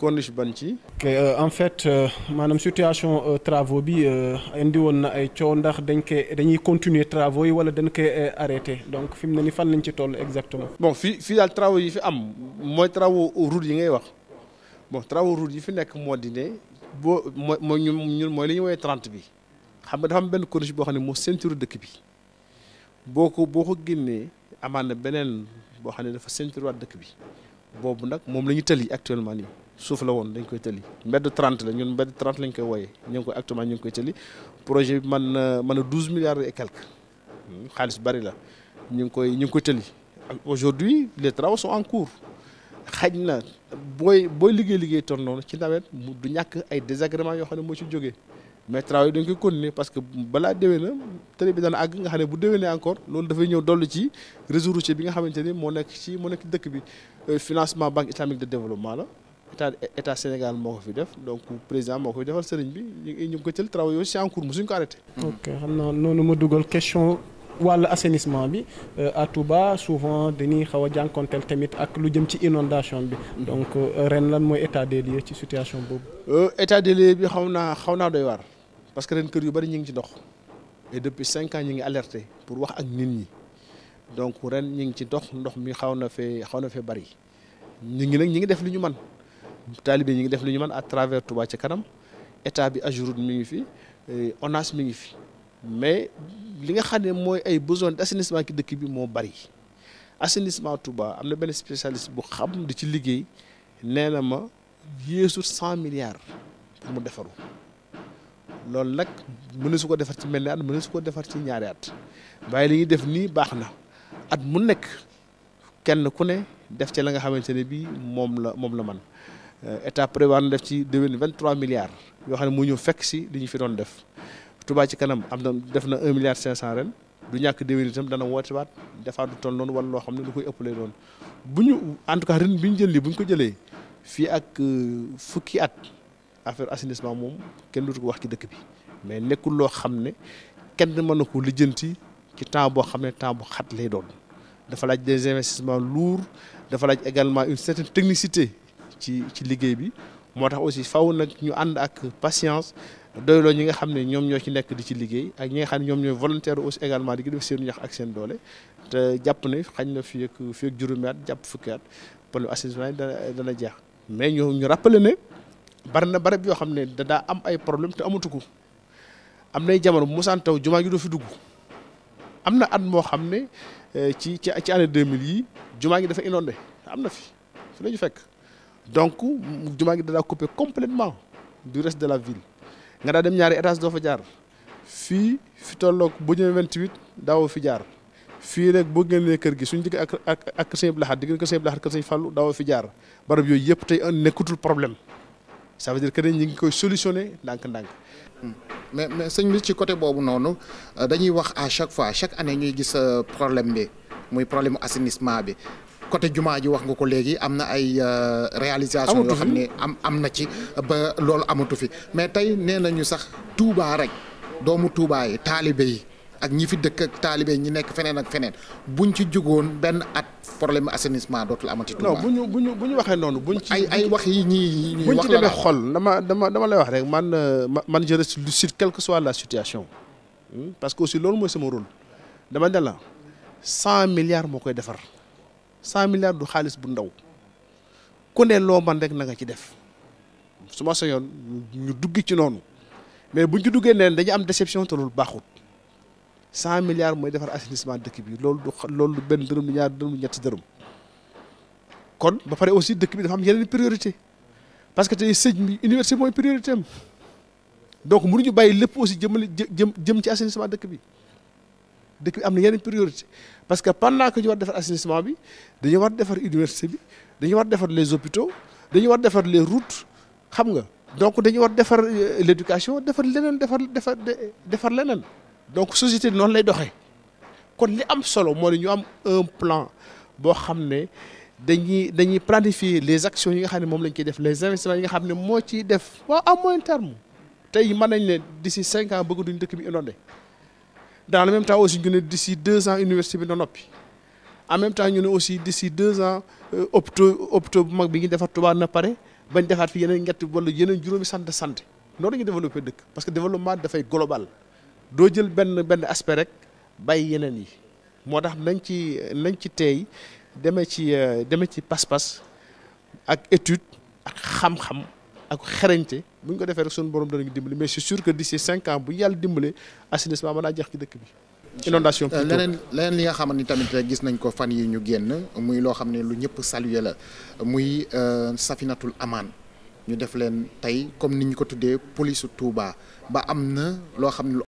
corniche ban ci. ok euh, en fait euh, maanaam situation euh, travaux bi indi woon na ay coow ndax dañ koy dañuy continuer travaux yi wala dañ koy arrêté donc fi mu ne ni fan nañ ci toll exactement. bon fii fii daal travaux yi fi am mooy travaux route yi ngay wax bon travaux route yi fi nekk moo di ne boo mooy ñun ñun mooy li ñu woowee 30 bi xam nga dafa am benn corniche boo xam ne moo ceinture dëkk bi boo ko boo ko génnee amaan beneen boo xam ne dafa ceinture dëkk bi boobu nag moom la ñu tëli actuellement nii. suuf la woon dañ koy tëli mbedd 30 la ñun mbedd 30 lañ koy wooyee ñu ngi koy actuellement ñu ngi koy tëli projet bi man na euh, man na 12 milliards et quelques hmm, xaalis bari la ñu ngi koy ñu ngi koy tëli aujourd'hui les travaux sont en cours xaj na booy booy liggéey liggéey toon noonu ci nawet mu du ñàkk ay désagréments yoo xam ne moo ci jóge mais travaux yi dañ koy continuer parce que balaa déwee na tëli bi dana àgg nga xam ne bu déwee na encore loolu dafay ñëw dolli ci réseau routier bi nga xamante ni moo nekk ci moo nekk dëkk bi euh, financement banque islamique de développement la état état Sénégal moo ko fi def donc président moo ko fi defal sëriñ bi ñu ngi ko jël travaux yooyu si en cours mosuñ ko arrêté. ok xam naa noonu ma dugal question wàllu assainissement bi euh, à Touba souvent dañuy xaw a jànkonteel tamit ak lu jëm ci inondation bi. Mm-hmm. donc euh, ren lan mooy état ci situation boobu. Euh, état bi xaw naa xaw naa doy waar parce que ren kër yu bari ñu ngi ci ndox depuis cinq ñu ngi alerté pour wax ak nit ñi donc ren ñu ngi ci ndox ndox mi xaw na fee xaw na fee bari ñu ngi nag ñu ngi def li ñu man taalibe ñi ngi def lu ñu man a travers Touba ci kanam état bi Ageroute mi ngi fi eh, ONAS mi ngi fi mais li nga xam ne mooy ay besoin d'assainissement ki dëkk bi moo bari assainissement Touba am na benn spécialiste bu xam di ci liggéey nee na ma yéesu cent milliards pour mu defaru loolu nag mënu su ko defar ci mel ni at mënu su ko defar ci ñaari at waaye li ñuy def nii baax na at mu nekk kenn ku ne def ci la nga xamante ne bii moom la moom la man Euh, état prévoir na def ci déwén vingt trois milliards yoo xam ne mu ñu fekk si li ñu fi doon def Touba ci kanam am na def na un milliard cinq cent ren du ñàkk déwén itam dana woote waat defaat du toll noonu wala xam ne lu koy ëppalee noonu bu ñu en tout cas ren bi ñu jël lii bu ñu ko jëlee fii ak euh, fukki at affaire assainissement moom kenn dootu ko wax ci dëkk bi mais nekkul loo xam ne kenn mën na ko lijjanti ci temps boo xam ne temps bu xat lay doon dafa laaj des investissements lourds dafa laaj également une certaine ci ci liggéey bi moo tax aussi faw nag ñu ànd ak patience doyloo ñi nga xam ne ñoom ñoo ci nekk di ci liggéey ak ñi nga xam ne ñoom ñooy volontaire aussi également di def seen ñax ak seen doole te jàpp ne xañ na fi ak fi ak juróomi jàpp fukki at problème assainissement dana dana jeex mais ñu ñu rappelé ne bari na barab yoo xam ne dadaa am ay problème te amatu ko am nay jamono bu mosaan taw jumaa gi doo fi dugg am na at moo xam ne eh, ci ci ci année 2000 yi jumaa gi dafa inondé am na fi fi la fekk. donc jumaa gi da daa coupé complètement du reste de la ville nga daal dem ñaari étage doo fa jaar fii fi tolloog bu ñëwee 28 daawoo fi jaar fii rek boo génnee kër gi suñ digg ak ak ak sëñ Abdou Lahad digg ko sëñ Abdou Lahad kër sëñ Fallou daawoo fi yooyu yëpp tey un nekkatul problème ça veut dire que ñu ngi koy solutionner ndànk-ndànk. Hmm. mais mais sëñ bi ci côté boobu noonu euh, dañuy wax à chaque fois chaque année ñuy gis euh, problème bi muy problème mu bi côté jumaa ji wax nga ko léegi am na ay euh, réalisation yoo xam ni am am na ci ba loolu amatu fi mais tey nee ñu sax Touba rek doomu Touba yi taalibe yi ak ñi fi dëkk ak taalibe ñi nekk feneen ak feneen buñ ci jugoon benn at problème assainissement dootul amati. Touba non bu ñu bu ñu bu ñu waxee noonu. buñ ci ay ay wax yi ñii ñuy wax la buñ ci xol dama dama lay wax rek man euh, man je a lucide quelle que soit la situation. Hmm? parce que aussi loolu mooy sama rôle dama dala la cent milliards moo koy defar. cent milliards du xaalis bu ndaw ko ne loo man rek na nga ci def su ma sañoon ñu dugg ci noonu mais buñ ci duggee neen dañ am déception te loolu baaxut cent milliards mooy defar assainissement dëkk bi loolu du loolu du benn dërëm du ñaar dërëm du ñetti dërëm kon ba pare aussi dëkk bi dafa am yeneen priorité parce que tey sëñ bi université mooy priorité am donc mënuñu bàyyi lépp aussi jëmale jëm jëm ci assainissement dëkk bi dëkk bi am na yeneen priorité parce que pendant que ñu war defar assainissement bi dañu war defar université bi dañu war defar les hôpitaux dañu war defar les routes xam nga donc dañu war defar euh, l'éducation defar leneen defar defar defar leneen donc société bi noonu lay doxee kon li am solo moo ne ñu am un plan boo xam ne dañuy dañuy planifier les actions yi nga xam ne moom lañ ciy def les investissements yi nga xam ne moo ciy def waaw à moyen terme tey mën nañ ne d'ici cinq ans bëgg duñ dëkk bi inondé daal le même temps aussi ñu ne d'ici deux ans université bi na noppi en même temps ñu ne aussi d'ici deux ans euh, hôpitaux hôpitaux bu mag bi ngi defar Touba na pare bañ defaat fi yeneen ñett wala yeneen juróomi centre de santé noonu ñu ñuy développé dëkk parce que développement dafay global doo jël benn benn aspect rek bàyyi yeneen yi moo tax nañ ci nañ ci teey demee ci euh, demee ci pas-pas ak étude ak xam-xam ak xarañte bu ko defee rek suñu borom danañu dimbali mais c'est sûr que d'ici cinq ans bu yàlla dimbali assainissement mën naa jeex ci dëkk bi. inondation euh, leneen leneen li nga xamante ni tamit euh, gis nañ ko fan yi ñu génn muy loo xam ne lu ñëpp saluer la muy euh, safinatul amaan ñu def leen tey comme ni ñu ko tuddee polisu Touba ba am na loo xam ne